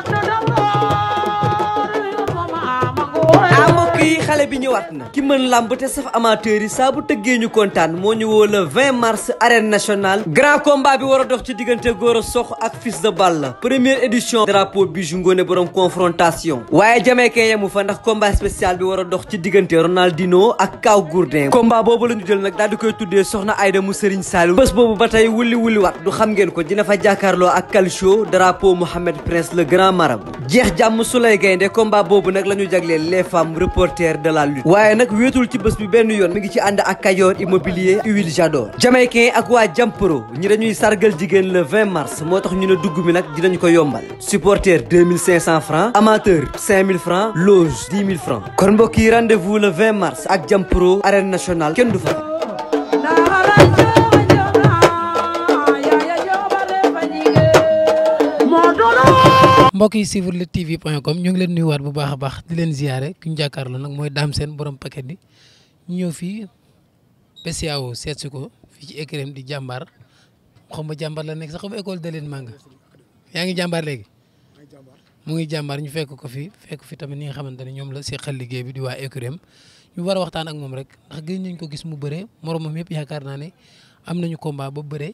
Fuck no bi ñëwaat na ki mën làmb te saf amateur yi saa bu tëggee ñu kontaan moo ñu woo le 20 mars arène nationale grand combat bi war a dox ci diggante Gora Sox ak Fils de Balla première édition drapeau bi ngoone borom confrontation waaye jamaykee yemu fa ndax combat spécial bi war a dox ci diggante Ronaldinho ak Kaw Gourdin combat boobu la ñu nag daal koy tuddee soxna Aïda mu Serigne Saliou boobu ba tey wulli wulli waat du xam ngeen ko dina fa jàkkaarloo ak Calcio drapeau la lutte waaye nag wéetul ci bés bi benn yoon mi ngi ci ànd ak Kayor immobilier huile Jador jamaïcain ak waa Jampro ñi dañuy sargal jigéen le 20 mars moo tax ñu ne dugg bi nag dinañ ko yombal supporter 2500 francs amateur 5000 francs loge 10 000 francs kon mbokk yi rendez-vous le 20 mars ak Jampro arène national kenn du fa mbokk yi suivre Lutte TV point comme ñu ngi leen nuyuwaat bu baax a baax di leen ziare ki ñu jàkkaarloo nag mooy Dame Sène borom paquet bi ñëw fii BCEAO seet si ko fii ci écrém di jàmbaar xam nga jàmbaar la nekk sax xam école de leen manga yaa ngi jàmbaar léegi mu ngi jàmbaar ñu fekk ko fi fekk fi tamit ñi nga xamante ne ñoom la seqal liggéey bi di waa écrém ñu war a waxtaan ak moom rek ndax nañ ko gis mu bëree morom moromam yëpp yaakaar naa ne am nañu combat ba bëree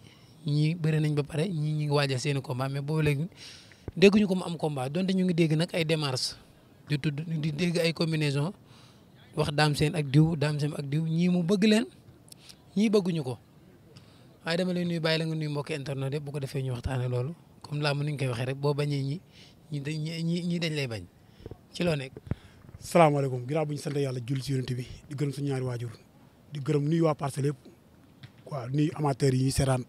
ñii bëri nañ ba pare ñii ñi ngi waajal seeni combat mais boo léegi dégguñu ko mu am combat donte ñu ngi dégg nag ay démarches di tudd di dégg ay combinaison wax daam seen ak diw daam ak diw ñii mu bëgg leen ñii bëgguñu ko waaye dama lay nuyu bàyyi la nga nuyu mbokki internet yëpp bu ko defee ñu waxtaanee loolu comme laa mu ni ñu koy waxee rek boo bañee ñi ñi ñi ñi dañ lay bañ ci loo nekk. salaamaaleykum ginnaaw bu ñu sant yàlla jul si yonent bi di gërëm suñu ñaari waajur di gërëm nuyu waa parcelle yëpp waaw nuyu amateurs yi ñuy seetaan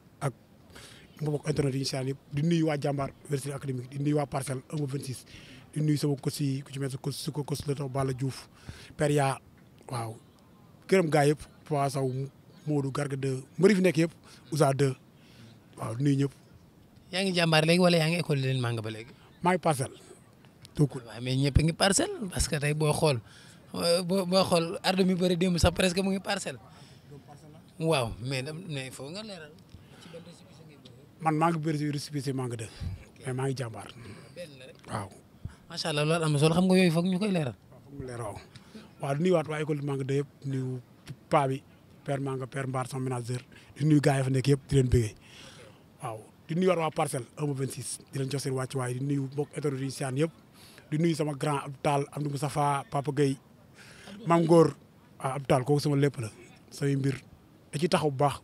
nga bokk internet yi ñu seetaan yëpp di nuyu waa jàmbaar université waa parcelle 1 ba 26 di nuyu sama kos yi ku waaw gërëm gaa yëpp Papa Sow Modou Garga 2 mbëri fi nekk yëpp Ousa 2 waaw di nuyu ñëpp. yaa ngi jàmbaar léegi wala yaa ngi école leen manga ba léegi. maa ngi parcelle. tuukul waaw mais parce que tey boo xool boo boo xool ardo mi bëri démb sax presque mu ngi man maa ngi bëri récépissé maa ngi def mais maa ngi jàmbaar waaw. macha allah loolu am na solo xam nga yooyu foog ñu koy leeral. waaw foog mu leeral waa école maa ngi def yëpp nuyu paa bi père maa nga père Mbar sama manager di nuyu fa nekk yëpp di leen bëggee waaw di nuyuwaat waa parcelle 1 ba 26 di leen jox seen wàccuwaay di nuyu mbokk état du Sane yëpp di nuyu sama grand Abdou Tall Abdou Moustapha Papa Gueye Mam Ngor ah Abdou Tall kooku sama lépp la samay mbir da ciy baax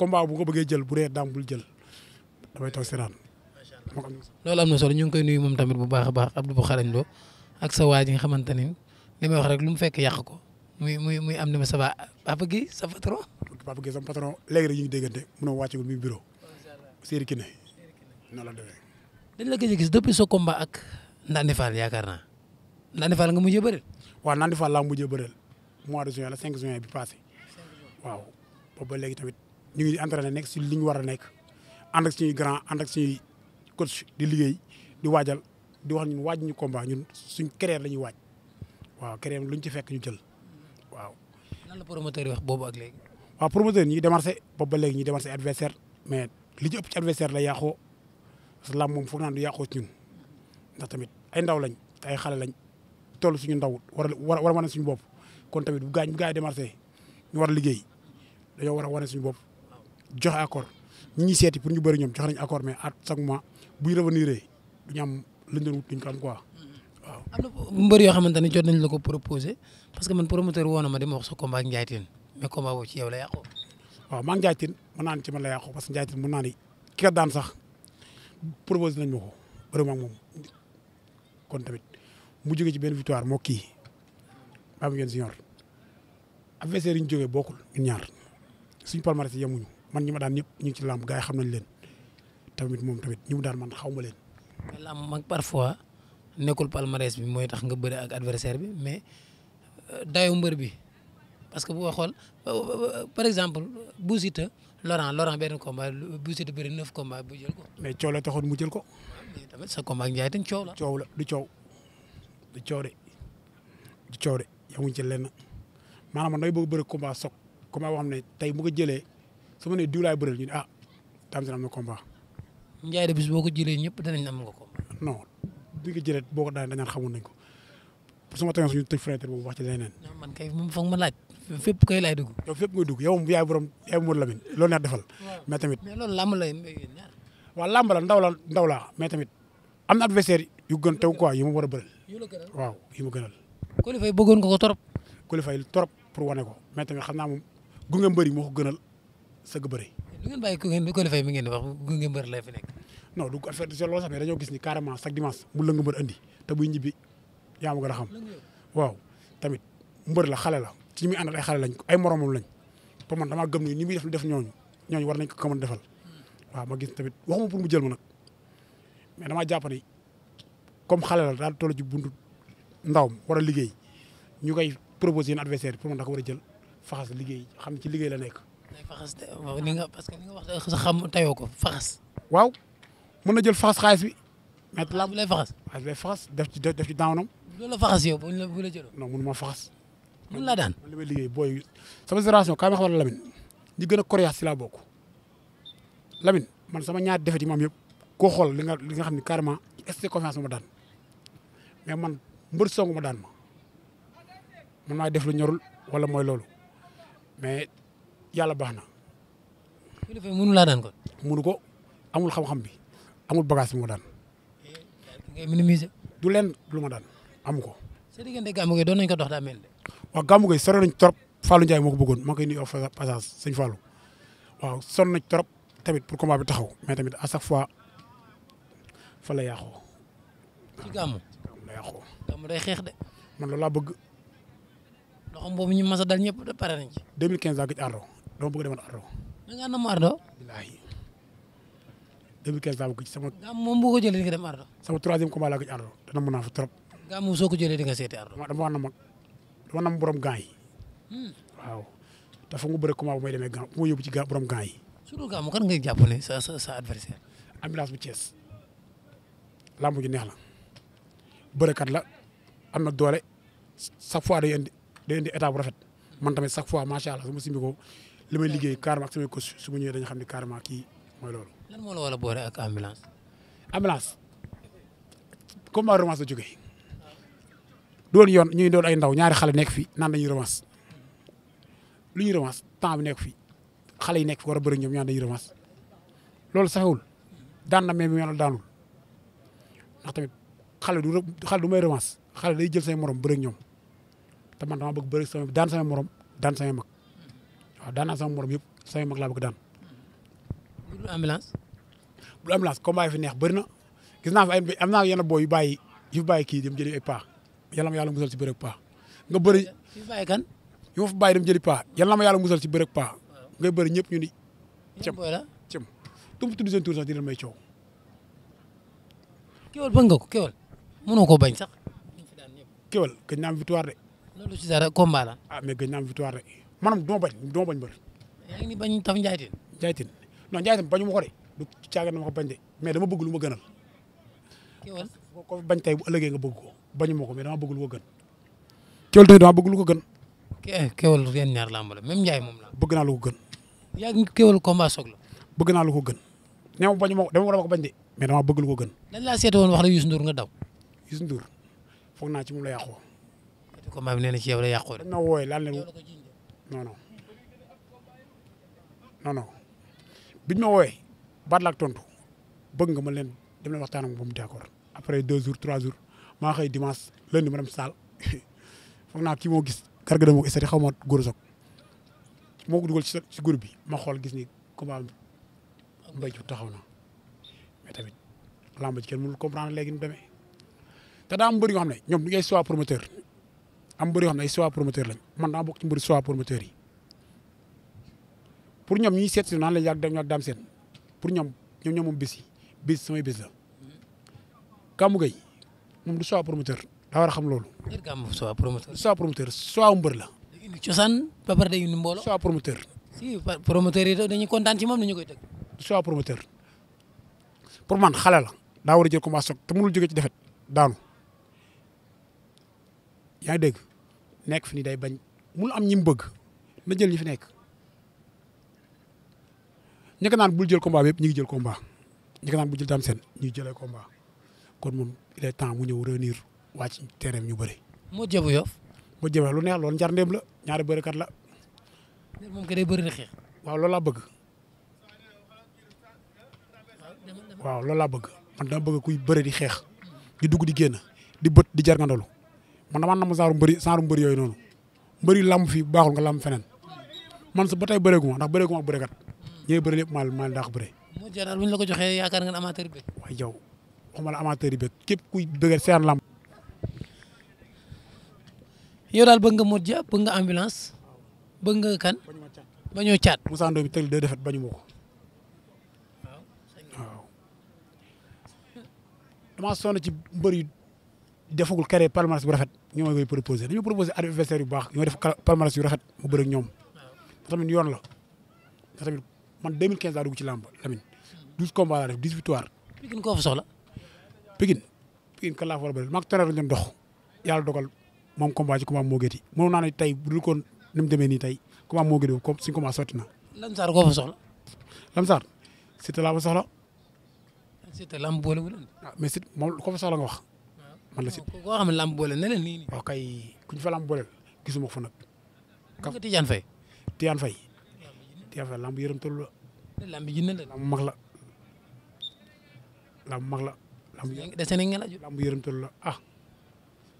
combat bu ko bëggee jël bu dee daam bul jël damay toog loolu am na solo ñu ngi koy nuyu moom tamit bu baax a baax Abdou Xarañ Lo ak sa waa nga xamante ni li may wax rek lu mu fekk yàq ko muy muy muy am na ma sa ba papa gi sa patron. papa gi sama patron léegi rek ñu ngi déggante munoo wàccagul mi bureau. Serigne Kine la demee. dañ la gis depuis sa combat ak Ndandi Fall yaakaar naa Ndandi Fall nga mujjee bëreel. waaw Ndandi Fall laa mujjee bëreel mois de juin la cinq juin bi passé waaw boobu ba tamit. ñu ngi entraîné nekk si li ñu war a nekk ànd ak suñuy grand ànd ak suñuy coach di liggéey di waajal di wax ñun waaj ñu combat ñun suñ carrière la ñuy waaj waaw carrière luñ ci fekk ñu jël waaw. lan la promoteur wax boobu ak léegi. waaw promoteur ñi démarché boobu ba léegi ñi démarché adversaire mais li ci ëpp adversaire la yàqoo parce que làmb moom foog naan du yàqoo ci ndax tamit ay ndaw lañ te ay xale lañ toll suñu ndaw war a war a mën suñu bopp kon tamit bu gaañ bu gaañ démarché ñu war a liggéey dañoo war a wane suñu bopp. joxe accord ñi ñuy seeti pour ñu bëri ñoom joxe nañ accord mais à chaque mois buy revenir du ñu am luñ doon wut duñ ko am quoi na mbër yoo xamante ne jot nañ la ko proposé parce que man promoteur woon na ma dama wax sa combat ak Ndiaye Tine mais combat la yàqoo. waaw maa ngi Ndiaye Tine mën naa la yàqoo parce que Ndiaye Tine mën naa ne daan sax proposé nañ ma ko vraiment moom kon tamit mu jógee ci benn victoire moo kii Babacar Senior adversaire yi ñu jógee bokkul ñun ñaar suñu palmarès yemuñu. man ñi ma daan ñëpp ñu ngi ci làmb gars yi xam nañ leen tamit moom tamit ñi mu daan man xaw ma leen. mais làmb mag parfois nekkul palmarès bi mooy tax nga bëri ak adversaire bi mais euh, dayu mbër bi parce que bu ko euh, euh, par exemple Bou Siteu Laurent Laurent benn combat Bou Siteu bëri neuf jël ko. mais coow la taxoon mu jël ko. tamit sa combat ak Ndiaye tam coow la. coow la du coow du coow de du coow de yamuñ ci lenn maanaam man day bëgg bëri combat soog combat boo xam tey mu ko jëlee. su ma nee diw laay bëreel ñu ne ah Dame Sène am na combat. Ndiaye de bis boo ko jëlee ñëpp danañ am nga ko. non bi nga jëlee boo ko daanee dañu xamoon nañ ko pour sama tooyoon suñu tëj fenêtre boobu wax ci leneen. non man kay moom foog ma laaj. fépp kay laay dugg. yow fépp ngay dugg yow yaay borom yaay Modou Lamine loolu neex defal. mais tamit mais loolu làmb la waaw làmb la ndaw la ndaw laa mais tamit am na adversaire yu gën tew quoi yu ma war a bëri. waaw yu ma gënal. Coly Faye bëggoon nga ko trop. Coly Faye trop pour wane ko mais tamit xam naa moom gunge mbëri moo ko gënal sëgg bëri. lu ngeen bàyyi ku ngeen bi ko defee mi ngeen wax gunge mbër lay fi nekk. non du affaire de loolu sax mais dañoo gis ni carrément chaque dimanche mu lëng mbër andi te buy ñibbi yaa ma gën a xam. waaw tamit mbër la xale la ci ñi muy àndal ay xale lañ ay moromam lañ pour man damaa gëm ni ni muy def def ñooñu ñooñu war nañ ko mën defal waaw ma gis tamit waxuma pour mu jël ma nag mais damaa jàpp comme xale la daal toll ji buntu ndawam war a liggéey ñu koy proposé na adversaire pour man da ko war a jël faxas liggéey xam ne ci liggéey la nekk day faxas ni nga que ni nga wax sa xam tayoo ko waaw mën na jël faxas xaalis bi. mais làmb lay faxas. xaalis lay faxas def ci def ci daawanam. loolu la faxas yow bu la bu la jëloo. non mënuma faxas. mën laa daan man li may liggéey booy sama génération kaay ma xamal la Lamine ñi gën a coriace si laa bokk Lamine man sama ñaar defet yi ma am yëpp koo xool li nga li nga xam ne carrément est confiance ma daan mais man mbër songu ma daan ma man maay def lu ñorul wala mooy loolu mais yàlla baax na. kilifa laa daan kon. mënu ko amul xam-xam bi amul bagage bi ma daan. ngay minimiser. du leen lu ma daan amu ko. sa diggante gàmmu gi doon nañu ko dox daa mel de. waaw gàmmu gi sore nañ trop Fallou moo ko bëggoon maa ngi koy nuyu passage sëñ Fallou waaw son nañ trop tamit pour combat bi taxaw mais tamit à chaque fois fa la yàqoo. ci gàmmu. la xeex de. man loolu laa bëgg. loxoom boobu ñu mas a dal ñëpp pare nañ ci. 2015 daa gëj aaroo. dama bëgg a demoon Ardo. da ngaa nam Ardo. ci sama. gàmm moom boo ko jëlee di nga dem Ardo. sama troisième fa trop. gàmm moom soo ko jëlee di nga seeti Ardo. dama dama nam yi. Hmm. waaw te foog nga bëre combat bu may demee ma yóbbu ci gants borom gants yi. surtout gàmm kan ngay jàppale sa sa sa adversaire. ambulance bu Thiès. lamb ji neex la. bërëkat la am na doole chaque fois day indi day indi bu rafet man tamit chaque fois macha allah simbi ko li may liggéey carrément ak samay su ma ñëwee xam ne carrément kii mooy loolu. a boole ak ambulance. ambulance comme ma romance la doon yoon ñuy doon ay ndaw ñaari xale nekk fi naan dañuy romance lu ñuy romance temps bi nekk fi xale yi nekk fi war a bëri ñoom ñaan dañuy romance loolu saxewul daan na mais mi mel daanul ndax tamit xale du xale du may romance xale day jël say morom bëri ñoom te man dama bëgg bëri sama daan sama morom daan sama waaw daan naa sama morom yëpp sama mag laa bëgg daan. bu ambulance. bu ambulance combat yi fi neex bëri na gis naa fi ay am naa yenn booy yu bàyyi yu bàyyi kii dem jëli ay paa yàlla ma yàlla musal ci bërëb paa nga bëri. yu bàyyi kan. yu ma fi bàyyi dem jëli paa yàlla ma yàlla musal ci bërëb paa ngay bëri ñëpp ñu ni. cëm nga ko kéwal mënoo ko bañ sax. kéwal gëj naa victoire de. maanaam duma bañ duma bañ mbër. yaa ngi ni bañ tam Ndiaye Tine. Ndiaye Tine non Ndiaye Tine ko de du caaga dama ko bañ de mais dama bëgg lu ma gënal. kéwal boo ko bañ tey bu ëllëgee nga bëgg ko bañu ma ko mais ko gën. kéwal tamit dama bëgg lu ko gën. kéwal yéen ñaar lamb la même Ndiaye moom la. bëgg naa lu ko gën. yaa ngi kéwal combat soog la. bëgg naa lu ko gën. nee ma bañu ma ko dama ko bañ de mais dama bëgg lu ko gën. lan laa seete wax la Youssou Ndour nga daw. Youssou Ndour foog naa ci moom la yàqoo. combat bi nee na ci yow la yàqoo de. non non non ma woowee baat la tontu bëgg nga ma leen dem leen waxtaan ak moom d'accord après deux jours trois jours ma xëy dimanche lundi ma dem saal foog naa kii moo gis garga dama ko xaw ma góor soog moo dugal ci ci ma xool gis ni combat mbay ju taxaw na mais tamit lamba ji kenn mënul comprendre léegi ni mu demee te daa am yoo xam ne ñoom du ngay soit promoteur am bëri yoo xam ne ay choix promoteur lañ man daa bokk ci mbëri choix promoteur yi pour ñoom ñuy seet si la yàgg dañu ak daam seen pour ñoom ñoom ñoom moom bis yi bis samay bis la Gamou Gueye moom du choix promoteur daa war xam loolu. ngir Gamou choix promoteur. choix promoteur choix mbër la. day indi cosaan ba pare day indi mbooloo. choix promoteur. si promoteur yi dañuy kontaan ci moom ni ñu koy tëgg. choix promoteur pour man xale la daa war a jël commencé te mënul jóge ci defet daanu yaa ngi nekk fu ni day bañ mun am ñi mu bëgg na jël ñi fi nekk ñi naan bul jël combat bi yëpp ñu ngi jël combat ñi ko naan bul jël tam seen ñu ngi jëlee combat kon moom il est temps mu ñëw réunir wàcc terrain ñu bëri. moo jëbu yof moo jëbu lu neex loolu njar la ñaari bërikat la. moom kay day bëri na xeex. loolu laa bëgg. waaw loolu laa bëgg man dama bëgg kuy bëri di xeex di dugg di génn di bët di jarngandalu man damaa namm saaru mbëri saaru mbëri yooyu noonu mbëri làmb fii bu baaxul nga làmb feneen man ba tey bëreeguma ndax bëreeguma ak bëreekat ñooy bëri lépp maal maal daax bëre mu jaral la ko joxee yaakaar nga amateur bi waaye yow waxuma la amateur bi képp kuy bëgg seen làmb yow daal bëgg nga Modou Dia bëgg nga ambulance bëgg kan bañoo caat Moussa Ndoye bi teg deux défaites bañu ma ko dama sonn ci mbër defagul carré palmarès bu rafet ñoom la koy proposé dañoo proposé adversaire yu baax ñoo def palmarès yu mu bëri ak ñoom. tamit yoon la te tamit man 2015 laa dugg ci làmb Lamine 12 combats laa def 10 victoire. Pikine koo fa soxla. Pikine Pikine kan laa fa war a bëri maa ngi tonnerre doon dox yàlla dogal moom combat ci combat moo gëti moom naa ne tey bu dul koon ni mu demee nii tey combat moo gëti comme suñ combat sotti na. Lamsaar koo fa soxla. Lamsaar Siteu laa fa soxla. Siteu làmb boolewul. ah mais Siteu moom koo fa soxla nga wax. man la si. koo xam ne lamb boole ne leen nii. waaw kay ku ñu fa lamb booleel gisuma ko fa nag. ka nga Tidiane Faye. Tidiane Faye. Tidiane Faye lamb yërëmtalu la. lamb ji ne la lamb mag la. lamb mag la. lamb yë dese nañ nga la lamb yërëmtalu la ah.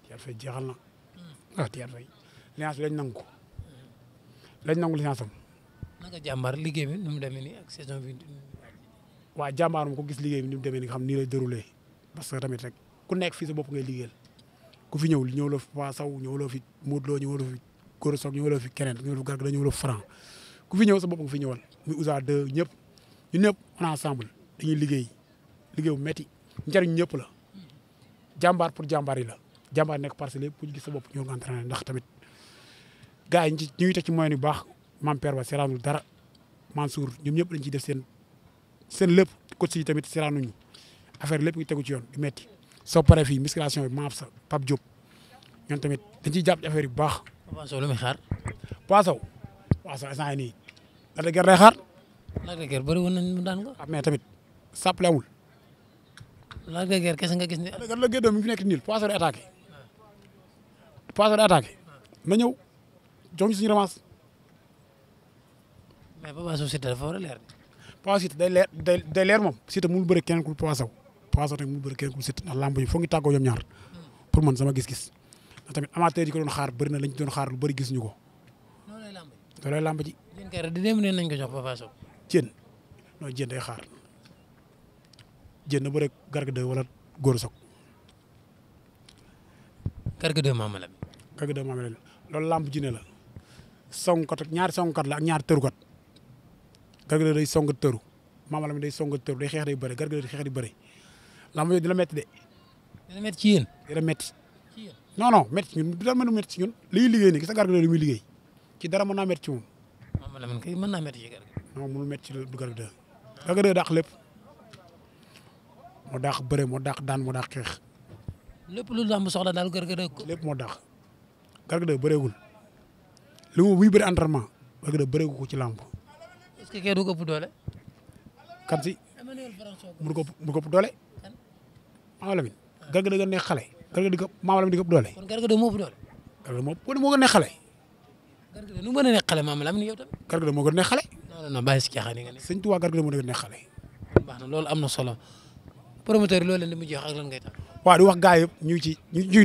Tidiane Faye jeexal na hmm. ah Tidiane Faye. licence bi lañ nangu ko. lañ nangu licence am. naka jàmbaar liggéey bi nu mu demee nii ak saison bi. waaw jàmbaar mu ko gis liggéey bi ni mu demee nii nga xam nii lay déroulé parce que tamit rek. ku nekk fii sa bopp ngay liggéeyal ku fi ñëw ñëw la fi Papa Sow ñëw la fi Modou Lo ñëw la fi Gora Sock ñëw la fi keneen ñëw la fi Garga ñëw la fi Franc ku fi ñëw sa bopp nga fi ñëwal muy USA 2 ñëpp ñu ñëpp on ensemble liggéey liggéey bu métti njariñ ñëpp la jàmbaar pour jàmbaar yi la jàmbaar nekk parcelle yëpp ku ñu gis bopp ñoo ngi entraîné ndax tamit gars yi ñu ngi teg ci moyen bu baax maam père ba seeraanul dara Mansour ñoom ñëpp dañ ciy def seen seen lépp coach yi tamit seeraanuñu affaire lépp ngi tegu ci yoon di soo paree fii musculation bi maaf sa Pape Diop ñoom tamit dañ ciy jàpp ci bu baax. Papa Sow lu muy xaar. Papa Sow waaw sax instant nii Lac de day xaar. Lac de Guiers woon nañu daan ko. ah mais tamit sàppale amul. Lac de Guiers kese nga gis ne. Lac de Guiers doom mi fi nekk nii Papa Sow di attaqué. Papa Sow di attaqué. na ñëw jox ñu suñu revanche. mais moom Siteu mënul bëri kenn ku Papa Papa Sow tamit mu bëri keneen ku Siteu ndax lamb yi foog ñu tàggoo ñoom ñaar pour man sama gis-gis ndax tamit amateur yi ko doon xaar bëri na lañ ci doon xaar lu bëri gisuñu ko. loolay lamb ji ko jox Papa Sow. jën non jën day xaar la. Garga 2 maama la loolu la ñaari songkat la ak ñaari tërukat Garga 2 day song tëru maama la day song tëru day xeex day bëri Garga 2 day xeex lamb yooyu dina métti de. dina métti ci yéen. dina métti. ci yéen non non métti ci li ñuy liggéey nii gis nga garab liggéey ci dara mën naa métti ci moom. moom la man kay mën naa métti ci garab non mënul métti ci du garab de. garab de dàq lépp moo dàq bëre moo dàq daan moo dàq xeex. lépp lu lamb soxla daal garab de ko. lépp moo dàq garab de bëreegul li ci lamb. est-ce Mama Lamine Garga da gën a nekk xale Garga di ko Mama Lamine di ko ëpp doole. kon Garga da moo ëpp doole. Garga moo moo gën a nekk xale. Garga nu mu mën a nekk xale Mama moo gën a xale. non non bàyyi si caaxaan yi ne. sëñ Tuubaa Garga a nekk baax na loolu am na solo promoteur yi loolu leen di mujjee wax ak lan ngay tax. waaw di wax gars yëpp ñu ngi ci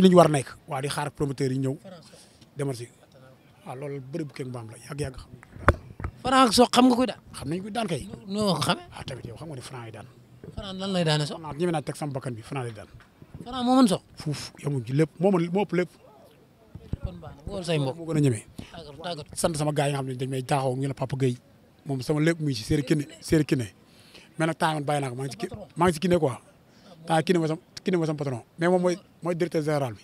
ñu war nekk. waaw di xaar promoteur yi ñëw demal a waaw loolu bëri bu kenn baam la yàgg yag xam. Franc xam nga koy daan. xam nañ koy daan kay. noo ko xamee. waaw ah, tamit yow xam nga ne yi daan Franc lan lay daane sox. Franc naa teg sama bakkan bi Franc lay daan. Franc moo mën sox. lépp moo mën moo ëpp lépp. kon baax na wóor say mbokk moo gën a ñeme. tàggat tàggat sant sama gars yi nga xam ne dañ may jaaxoo ñu la Papa Gueye moom sama lépp muy ci séeri kiné séeri kiné mais nag temps maa maa ngi ci kiné quoi temps kiné ma sama mais moom mooy mooy directeur général bi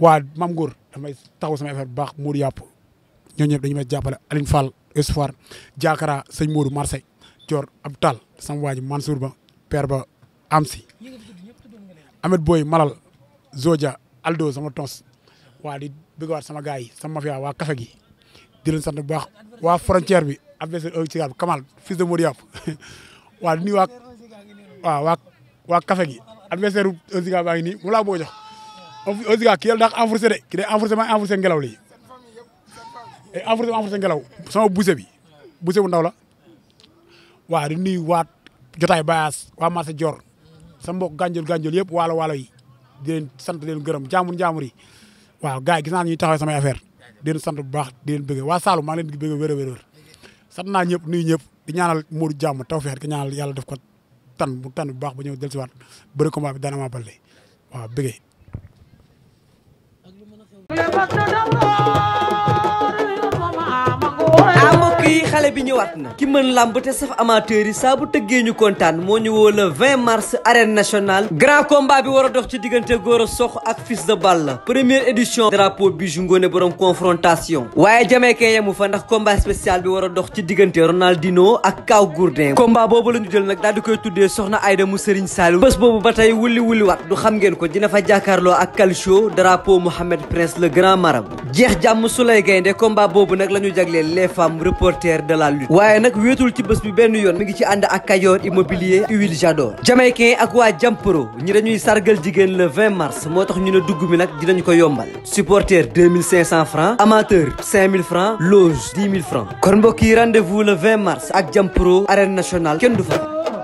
waa Mame gor damay taxaw sama affaire bu baax Modou Yàpp ñooñu ñëpp dañu may jàppale Aline Fall Espoir Diakara sëñ Modou Marseille Dior Abtal sama waa ji Mansour Ba père ba Amsi Amet Boy Malal Zodia Aldo sama tons waa di bëgg waat sama gars yi sama mafia waa kafe gi di leen baax waa frontière bi adversaire Ousseyn Kamal fils de Modiap waa di nuyu waa waa kafe gi adversaire Ousseyn baa ngi mu laa boo jox Ousseyn ki yàlla daal enfoncé de ki day enfoncé maa sama buse bi buse bu ndaw la waa di nuyu waat jotaay bayaas waa marché Dior sama mbokk gànjol gànjol yëpp waalo waalo yi di leen sant di leen gërëm jaamur jaamur yi waaw gars yi gis naa ñuy taxawee samay affaire sant bu baax di leen waa Saloum maa ngi di bëgg wér a wér naa ñëpp nuyu ñëpp di ñaanal Modou jàmm tawfeex di ñaanal yàlla def ko tan bu tan bu baax ba ñëw dellusiwaat bëri combat bi daan Ama xale bi ñëwaat na ki mën làmb te saf amateur yi saa bu tëggee ñu kontaan moo ñu woo le 20 mars arène nationale grand combat bi war a dox ci diggante Gora Sox ak Fils de Balla première édition drapeau bi ju ngoone borom confrontation waaye jameekee yemu fa ndax combat spécial bi war a dox ci diggante Ronaldinho ak Kaw Gourdin combat boobu la ñu jël nag daal di koy tuddee soxna Aïda mu Serigne Saliou bés boobu ba tey wulli wulli wat du xam ngeen ko dina fa jàkkaarloo ak Calcio drapeau Mohamed Prince le grand marabout jeex jàmm su lay gaynde combat boobu nag la ñu jagleel les femmes reporters de la waaye nag wéetul ci bés bi benn yoon mi ngi ci ànd ak Kayor immobilier huile Jador jamaïcain ak waa Jampro ñi dañuy sargal jigéen le 20 mars moo tax ñu ne dugg bi nag dinañu ko yombal supporter 2500 francs amateur 5000 francs loge 10 000 francs kon mbokk yi rendez-vous le 20 mars ak Jampro arène national kenn du fa